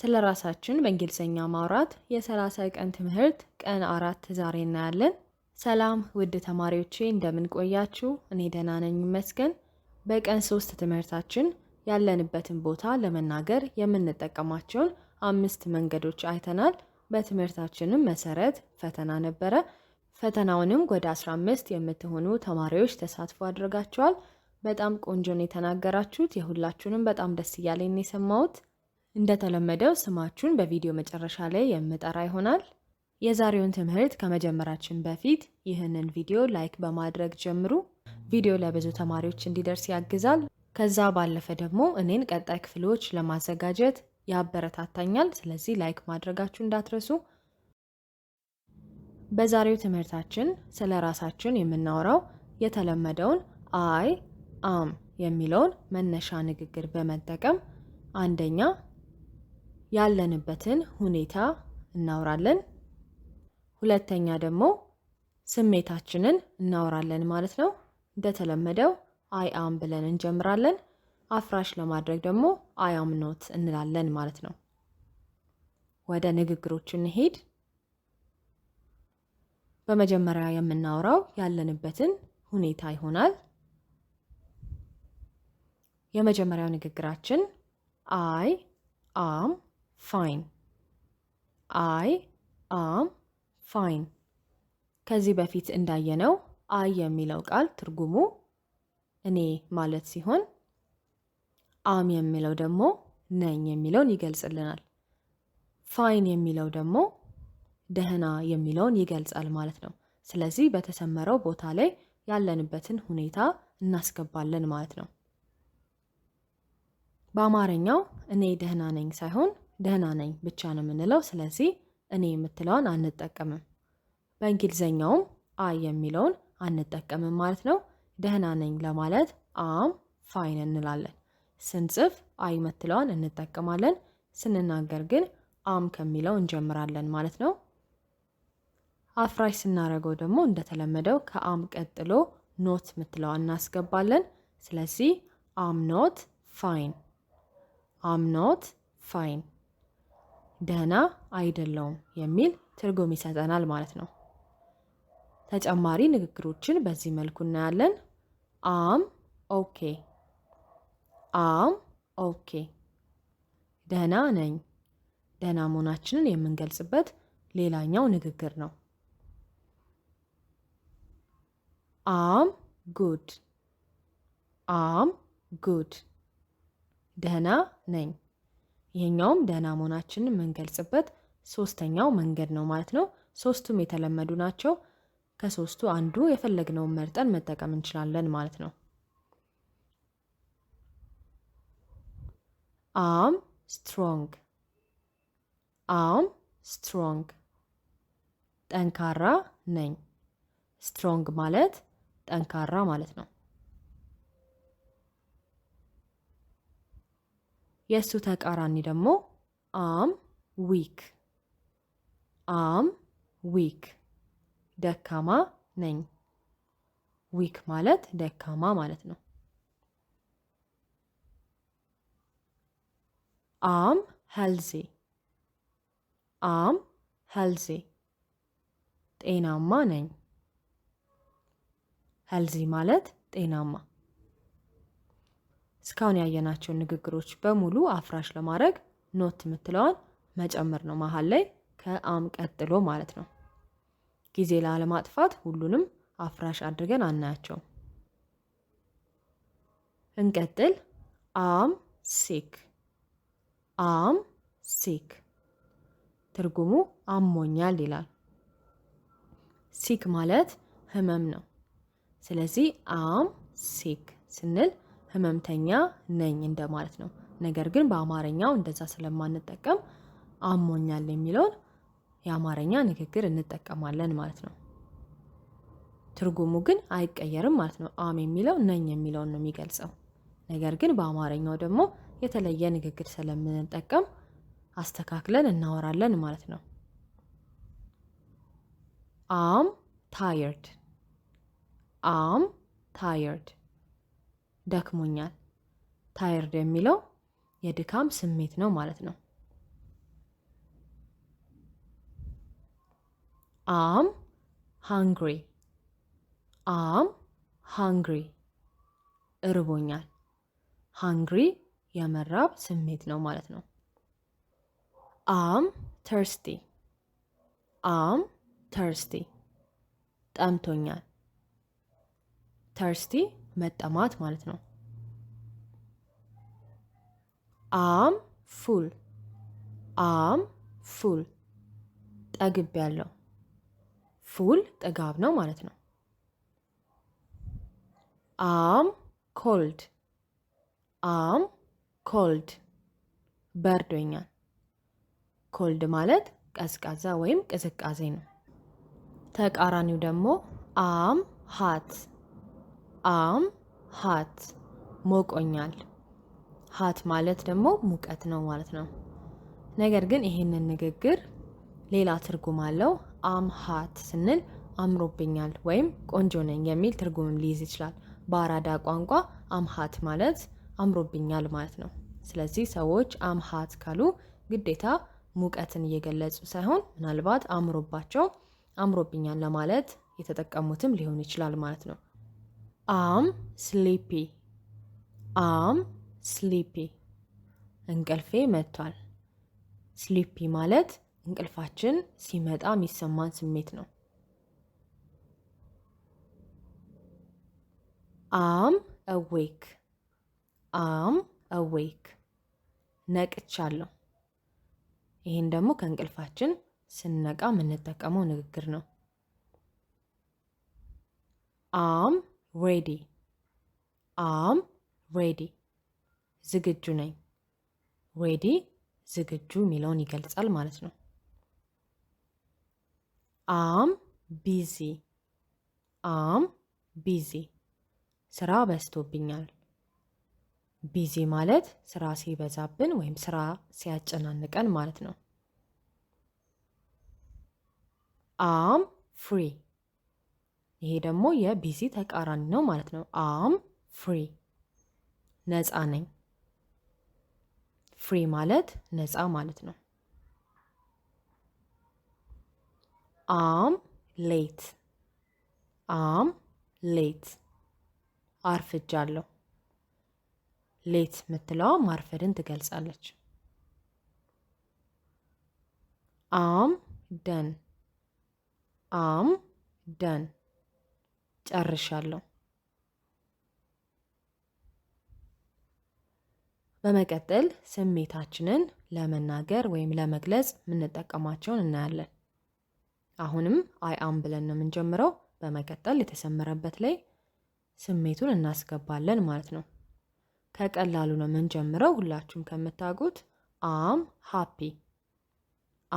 ስለ ራሳችን በእንግሊዝኛ ማውራት የ30 ቀን ትምህርት ቀን አራት ዛሬ እናያለን። ሰላም ውድ ተማሪዎቼ እንደምን ቆያችሁ? እኔ ደህና ነኝ ይመስገን። በቀን ሶስት ትምህርታችን ያለንበትን ቦታ ለመናገር የምንጠቀማቸውን አምስት መንገዶች አይተናል። በትምህርታችንም መሰረት ፈተና ነበረ። ፈተናውንም ወደ 15 የምትሆኑ ተማሪዎች ተሳትፎ አድርጋችኋል። በጣም ቆንጆን የተናገራችሁት የሁላችሁንም በጣም ደስ እያለኝ የሰማሁት እንደተለመደው ስማችሁን በቪዲዮ መጨረሻ ላይ የምጠራ ይሆናል። የዛሬውን ትምህርት ከመጀመራችን በፊት ይህንን ቪዲዮ ላይክ በማድረግ ጀምሩ። ቪዲዮ ለብዙ ተማሪዎች እንዲደርስ ያግዛል። ከዛ ባለፈ ደግሞ እኔን ቀጣይ ክፍሎች ለማዘጋጀት ያበረታታኛል። ስለዚህ ላይክ ማድረጋችሁ እንዳትረሱ። በዛሬው ትምህርታችን ስለ ራሳችን የምናወራው የተለመደውን አይ አም የሚለውን መነሻ ንግግር በመጠቀም አንደኛ ያለንበትን ሁኔታ እናወራለን። ሁለተኛ ደግሞ ስሜታችንን እናወራለን ማለት ነው። እንደተለመደው አይ አም ብለን እንጀምራለን። አፍራሽ ለማድረግ ደግሞ አይ አም ኖት እንላለን ማለት ነው። ወደ ንግግሮቹ እንሄድ። በመጀመሪያ የምናወራው ያለንበትን ሁኔታ ይሆናል። የመጀመሪያው ንግግራችን አይ አም ፋይን አይ አም ፋይን። ከዚህ በፊት እንዳየነው አይ የሚለው ቃል ትርጉሙ እኔ ማለት ሲሆን አም የሚለው ደግሞ ነኝ የሚለውን ይገልጽልናል። ፋይን የሚለው ደግሞ ደህና የሚለውን ይገልጻል ማለት ነው። ስለዚህ በተሰመረው ቦታ ላይ ያለንበትን ሁኔታ እናስገባለን ማለት ነው። በአማርኛው እኔ ደህና ነኝ ሳይሆን ደህና ነኝ ብቻ ነው የምንለው። ስለዚህ እኔ የምትለውን አንጠቀምም። በእንግሊዘኛውም አይ የሚለውን አንጠቀምም ማለት ነው። ደህና ነኝ ለማለት አም ፋይን እንላለን። ስንጽፍ አይ የምትለዋን እንጠቀማለን። ስንናገር ግን አም ከሚለው እንጀምራለን ማለት ነው። አፍራሽ ስናደርገው ደግሞ እንደተለመደው ከአም ቀጥሎ ኖት የምትለዋን እናስገባለን። ስለዚህ አም ኖት ፋይን፣ አም ኖት ፋይን ደህና አይደለውም የሚል ትርጉም ይሰጠናል ማለት ነው። ተጨማሪ ንግግሮችን በዚህ መልኩ እናያለን። አም ኦኬ፣ አም ኦኬ፣ ደህና ነኝ። ደህና መሆናችንን የምንገልጽበት ሌላኛው ንግግር ነው። አም ጉድ፣ አም ጉድ፣ ደህና ነኝ። ይሄኛውም ደህና መሆናችንን የምንገልጽበት ሶስተኛው መንገድ ነው ማለት ነው። ሶስቱም የተለመዱ ናቸው። ከሶስቱ አንዱ የፈለግነውን መርጠን መጠቀም እንችላለን ማለት ነው። አም ስትሮንግ፣ አም ስትሮንግ፣ ጠንካራ ነኝ። ስትሮንግ ማለት ጠንካራ ማለት ነው። የእሱ ተቃራኒ ደግሞ አም ዊክ አም ዊክ ደካማ ነኝ። ዊክ ማለት ደካማ ማለት ነው። አም ሄልዚ አም ሄልዚ ጤናማ ነኝ። ሄልዚ ማለት ጤናማ እስካሁን ያየናቸውን ንግግሮች በሙሉ አፍራሽ ለማድረግ ኖት የምትለዋን መጨመር ነው መሀል ላይ ከአም ቀጥሎ ማለት ነው። ጊዜ ላለማጥፋት ሁሉንም አፍራሽ አድርገን አናያቸውም። እንቀጥል። አም ሲክ፣ አም ሲክ ትርጉሙ አሞኛል ይላል። ሲክ ማለት ህመም ነው። ስለዚህ አም ሲክ ስንል ህመምተኛ ነኝ እንደማለት ነው። ነገር ግን በአማርኛው እንደዛ ስለማንጠቀም አሞኛል የሚለውን የአማርኛ ንግግር እንጠቀማለን ማለት ነው። ትርጉሙ ግን አይቀየርም ማለት ነው። አም የሚለው ነኝ የሚለውን ነው የሚገልጸው። ነገር ግን በአማርኛው ደግሞ የተለየ ንግግር ስለምንጠቀም አስተካክለን እናወራለን ማለት ነው። አም ታየርድ፣ አም ታየርድ ደክሞኛል። ታይርድ የሚለው የድካም ስሜት ነው ማለት ነው። አም ሃንግሪ አም ሃንግሪ እርቦኛል። ሃንግሪ የመራብ ስሜት ነው ማለት ነው። አም ተርስቲ አም ተርስቲ ጠምቶኛል። ተርስቲ መጠማት ማለት ነው። አም ፉል አም ፉል ጠግብ ያለው ፉል ጥጋብ ነው ማለት ነው። አም ኮልድ አም ኮልድ በርዶኛል። ኮልድ ማለት ቀዝቃዛ ወይም ቅዝቃዜ ነው። ተቃራኒው ደግሞ አም ሀት አም ሀት ሞቆኛል። ሀት ማለት ደግሞ ሙቀት ነው ማለት ነው። ነገር ግን ይህንን ንግግር ሌላ ትርጉም አለው። አም ሀት ስንል አምሮብኛል ወይም ቆንጆ ነኝ የሚል ትርጉምም ሊይዝ ይችላል። በአራዳ ቋንቋ አምሀት ማለት አምሮብኛል ማለት ነው። ስለዚህ ሰዎች አምሀት ካሉ ግዴታ ሙቀትን እየገለጹ ሳይሆን ምናልባት አምሮባቸው አምሮብኛል ለማለት የተጠቀሙትም ሊሆን ይችላል ማለት ነው። አም ስሊፒ አም ስሊፒ እንቅልፌ መጥቷል። ስሊፒ ማለት እንቅልፋችን ሲመጣ የሚሰማን ስሜት ነው። አም አዌክ አም አዌክ ነቅቻለሁ። ይህን ደግሞ ከእንቅልፋችን ስንነቃ የምንጠቀመው ንግግር ነው። አም ሬዲ አም ሬዲ ዝግጁ ነኝ። ሬዲ ዝግጁ የሚለውን ይገልጻል ማለት ነው። አም ቢዚ አም ቢዚ ስራ በዝቶብኛል። ቢዚ ማለት ስራ ሲበዛብን ወይም ስራ ሲያጨናንቀን ማለት ነው። አም ፍሪ ይሄ ደግሞ የቢዚ ተቃራኒ ነው ማለት ነው። አም ፍሪ ነፃ ነኝ። ፍሪ ማለት ነፃ ማለት ነው። አም ሌት አም ሌት አርፍጃለሁ። ሌት የምትለዋ ማርፈድን ትገልጻለች። አም ደን አም ደን ጨርሻለሁ። በመቀጠል ስሜታችንን ለመናገር ወይም ለመግለጽ የምንጠቀማቸውን እናያለን። አሁንም አይ አም ብለን ነው የምንጀምረው። በመቀጠል የተሰመረበት ላይ ስሜቱን እናስገባለን ማለት ነው። ከቀላሉ ነው የምንጀምረው። ሁላችሁም ከምታውቁት አም ሃፒ፣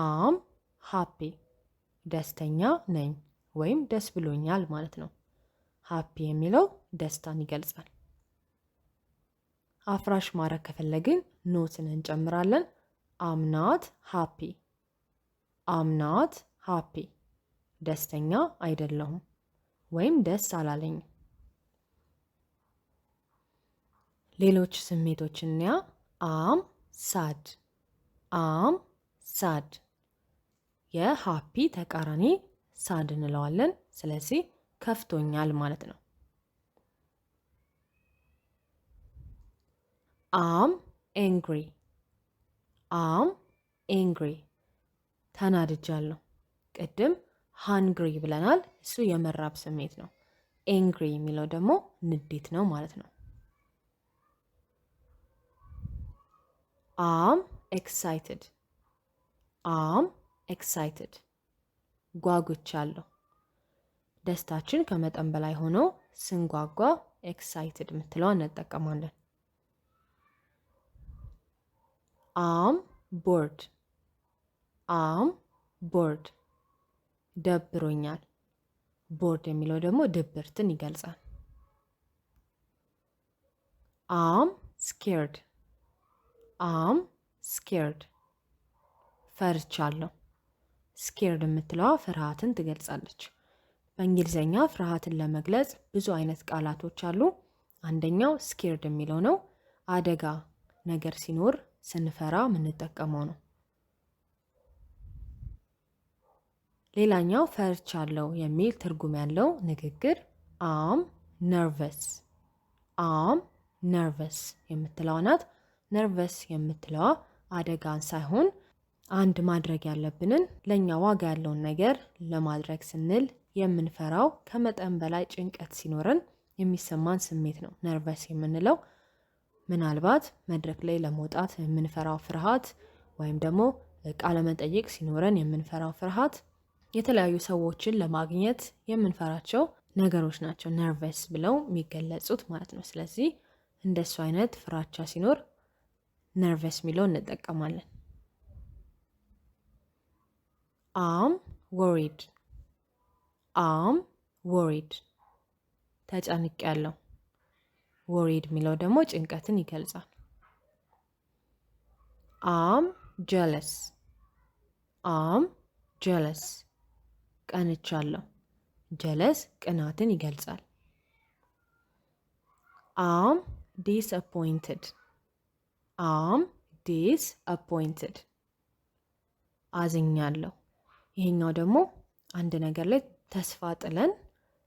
አም ሃፒ ደስተኛ ነኝ ወይም ደስ ብሎኛል ማለት ነው። ሀፒ የሚለው ደስታን ይገልጻል። አፍራሽ ማድረግ ከፈለግን ኖትን እንጨምራለን። አምናት ሀፒ፣ አምናት ሀፒ፣ ደስተኛ አይደለሁም ወይም ደስ አላለኝ። ሌሎች ስሜቶች እንያ። አም ሳድ፣ አም ሳድ። የሀፒ ተቃራኒ ሳድ እንለዋለን። ስለዚህ ከፍቶኛል ማለት ነው። አም ኤንግሪ አም ኤንግሪ ተናድጃለሁ። ቅድም ሃንግሪ ብለናል። እሱ የመራብ ስሜት ነው። ኤንግሪ የሚለው ደግሞ ንዴት ነው ማለት ነው። አም ኤክሳይትድ አም ኤክሳይትድ ጓጉቻለሁ። ደስታችን ከመጠን በላይ ሆኖ ስንጓጓ ኤክሳይትድ የምትለዋ እንጠቀማለን። አም ቦርድ አም ቦርድ ደብሮኛል። ቦርድ የሚለው ደግሞ ድብርትን ይገልጻል። አም ስኬርድ አም ስኬርድ ፈርቻለሁ። ስኬርድ የምትለዋ ፍርሃትን ትገልጻለች። በእንግሊዝኛ ፍርሃትን ለመግለጽ ብዙ አይነት ቃላቶች አሉ። አንደኛው ስኬርድ የሚለው ነው። አደጋ ነገር ሲኖር ስንፈራ የምንጠቀመው ነው። ሌላኛው ፈርቻለሁ የሚል ትርጉም ያለው ንግግር አም ነርቨስ፣ አም ነርቨስ የምትለዋ ናት። ነርቨስ የምትለዋ አደጋን ሳይሆን አንድ ማድረግ ያለብንን ለእኛ ዋጋ ያለውን ነገር ለማድረግ ስንል የምንፈራው ከመጠን በላይ ጭንቀት ሲኖረን የሚሰማን ስሜት ነው ነርቨስ የምንለው። ምናልባት መድረክ ላይ ለመውጣት የምንፈራው ፍርሃት ወይም ደግሞ ቃለመጠይቅ ሲኖረን የምንፈራው ፍርሃት፣ የተለያዩ ሰዎችን ለማግኘት የምንፈራቸው ነገሮች ናቸው ነርቨስ ብለው የሚገለጹት ማለት ነው። ስለዚህ እንደሱ አይነት ፍራቻ ሲኖር ነርቨስ የሚለው እንጠቀማለን። አም ወሪድ አም ወሪድ ተጨንቅ ያለው ወሪድ የሚለው ደግሞ ጭንቀትን ይገልጻል። አም ጀለስ አም ጀለስ ቀንቻለሁ። ጀለስ ቅናትን ይገልጻል። አም ዲስ አፖይንትድ አም ዲስ አፖይንትድ አዝኛለሁ። ይሄኛው ደግሞ አንድ ነገር ላይ ተስፋ ጥለን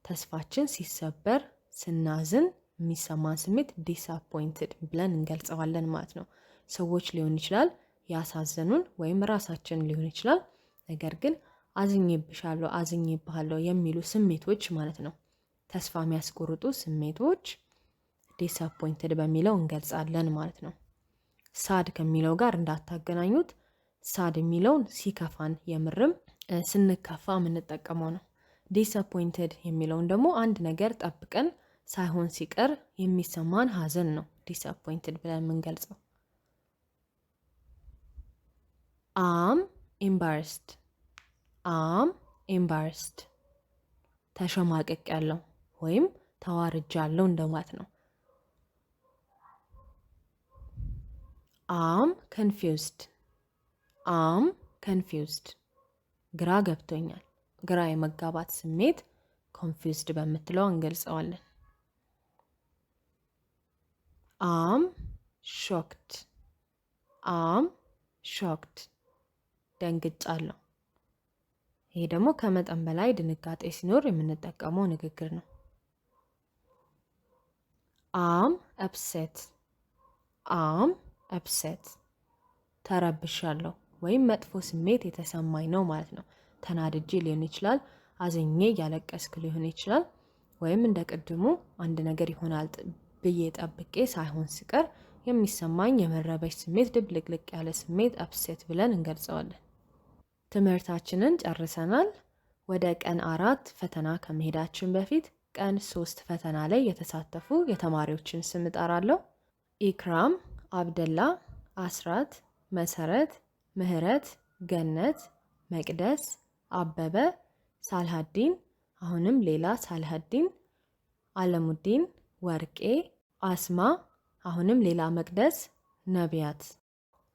ተስፋችን ሲሰበር ስናዝን የሚሰማን ስሜት ዲስአፖይንትድ ብለን እንገልጸዋለን ማለት ነው። ሰዎች ሊሆን ይችላል ያሳዘኑን፣ ወይም ራሳችን ሊሆን ይችላል። ነገር ግን አዝኜብሻለሁ፣ አዝኜብሃለሁ የሚሉ ስሜቶች ማለት ነው። ተስፋ የሚያስቆርጡ ስሜቶች ዲስአፖይንትድ በሚለው እንገልጻለን ማለት ነው። ሳድ ከሚለው ጋር እንዳታገናኙት። ሳድ የሚለውን ሲከፋን የምርም ስንከፋ የምንጠቀመው ነው። ዲስአፖይንትድ የሚለውን ደግሞ አንድ ነገር ጠብቀን ሳይሆን ሲቀር የሚሰማን ሀዘን ነው ዲስአፖይንትድ ብለን የምንገልጸው። አም ኤምባርስድ አም ኤምባርስድ ተሸማቀቅ ያለው ወይም ተዋርጃ ያለው እንደማለት ነው። አም ከንፊውዝድ አም ከንፊውዝድ ግራ ገብቶኛል ግራ የመጋባት ስሜት ኮንፊውዝድ በምትለው እንገልጸዋለን። አም ሾክድ፣ አም ሾክድ፣ ደንግጫለሁ። ይሄ ደግሞ ከመጠን በላይ ድንጋጤ ሲኖር የምንጠቀመው ንግግር ነው። አም አፕሴት አም አፕሴት ተረብሻለሁ ወይም መጥፎ ስሜት የተሰማኝ ነው ማለት ነው። ተናድጄ ሊሆን ይችላል፣ አዝኜ እያለቀስክ ሊሆን ይችላል። ወይም እንደ ቅድሙ አንድ ነገር ይሆናል ብዬ ጠብቄ ሳይሆን ስቀር የሚሰማኝ የመረበሽ ስሜት፣ ድብልቅልቅ ያለ ስሜት አፕሴት ብለን እንገልጸዋለን። ትምህርታችንን ጨርሰናል። ወደ ቀን አራት ፈተና ከመሄዳችን በፊት ቀን ሶስት ፈተና ላይ የተሳተፉ የተማሪዎችን ስም እጠራለሁ። ኢክራም፣ አብደላ፣ አስራት፣ መሰረት፣ ምህረት፣ ገነት፣ መቅደስ፣ አበበ፣ ሳልሃዲን፣ አሁንም ሌላ ሳልሃዲን፣ አለሙዲን፣ ወርቄ፣ አስማ፣ አሁንም ሌላ መቅደስ፣ ነቢያት።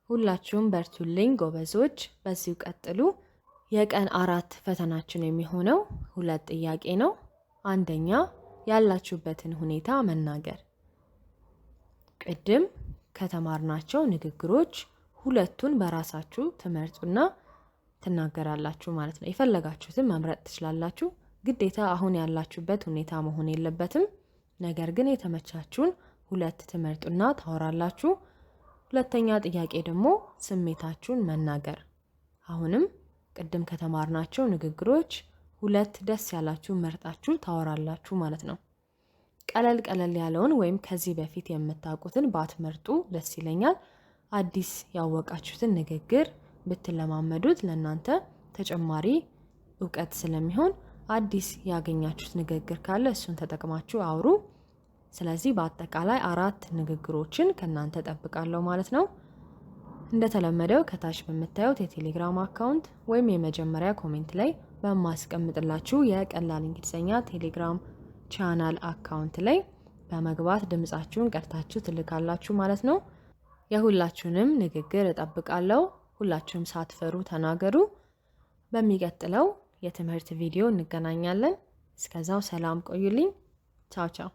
ሁላችሁም በርቱልኝ ጎበዞች፣ በዚሁ ቀጥሉ። የቀን አራት ፈተናችን የሚሆነው ሁለት ጥያቄ ነው። አንደኛ ያላችሁበትን ሁኔታ መናገር። ቅድም ከተማርናቸው ንግግሮች ሁለቱን በራሳችሁ ትመርጡና ትናገራላችሁ ማለት ነው። የፈለጋችሁትን መምረጥ ትችላላችሁ። ግዴታ አሁን ያላችሁበት ሁኔታ መሆን የለበትም። ነገር ግን የተመቻችሁን ሁለት ትመርጡና ታወራላችሁ። ሁለተኛ ጥያቄ ደግሞ ስሜታችሁን መናገር። አሁንም ቅድም ከተማርናቸው ንግግሮች ሁለት ደስ ያላችሁ መርጣችሁ ታወራላችሁ ማለት ነው። ቀለል ቀለል ያለውን ወይም ከዚህ በፊት የምታውቁትን ባትመርጡ ደስ ይለኛል። አዲስ ያወቃችሁትን ንግግር ብትለማመዱት ለእናንተ ተጨማሪ እውቀት ስለሚሆን አዲስ ያገኛችሁት ንግግር ካለ እሱን ተጠቅማችሁ አውሩ። ስለዚህ በአጠቃላይ አራት ንግግሮችን ከእናንተ ጠብቃለሁ ማለት ነው። እንደተለመደው ከታች በምታዩት የቴሌግራም አካውንት ወይም የመጀመሪያ ኮሜንት ላይ በማስቀምጥላችሁ የቀላል እንግሊዝኛ ቴሌግራም ቻናል አካውንት ላይ በመግባት ድምጻችሁን ቀድታችሁ ትልካላችሁ ማለት ነው። የሁላችሁንም ንግግር እጠብቃለሁ። ሁላችሁም ሳትፈሩ ተናገሩ። በሚቀጥለው የትምህርት ቪዲዮ እንገናኛለን። እስከዛው ሰላም ቆዩልኝ። ቻው ቻው።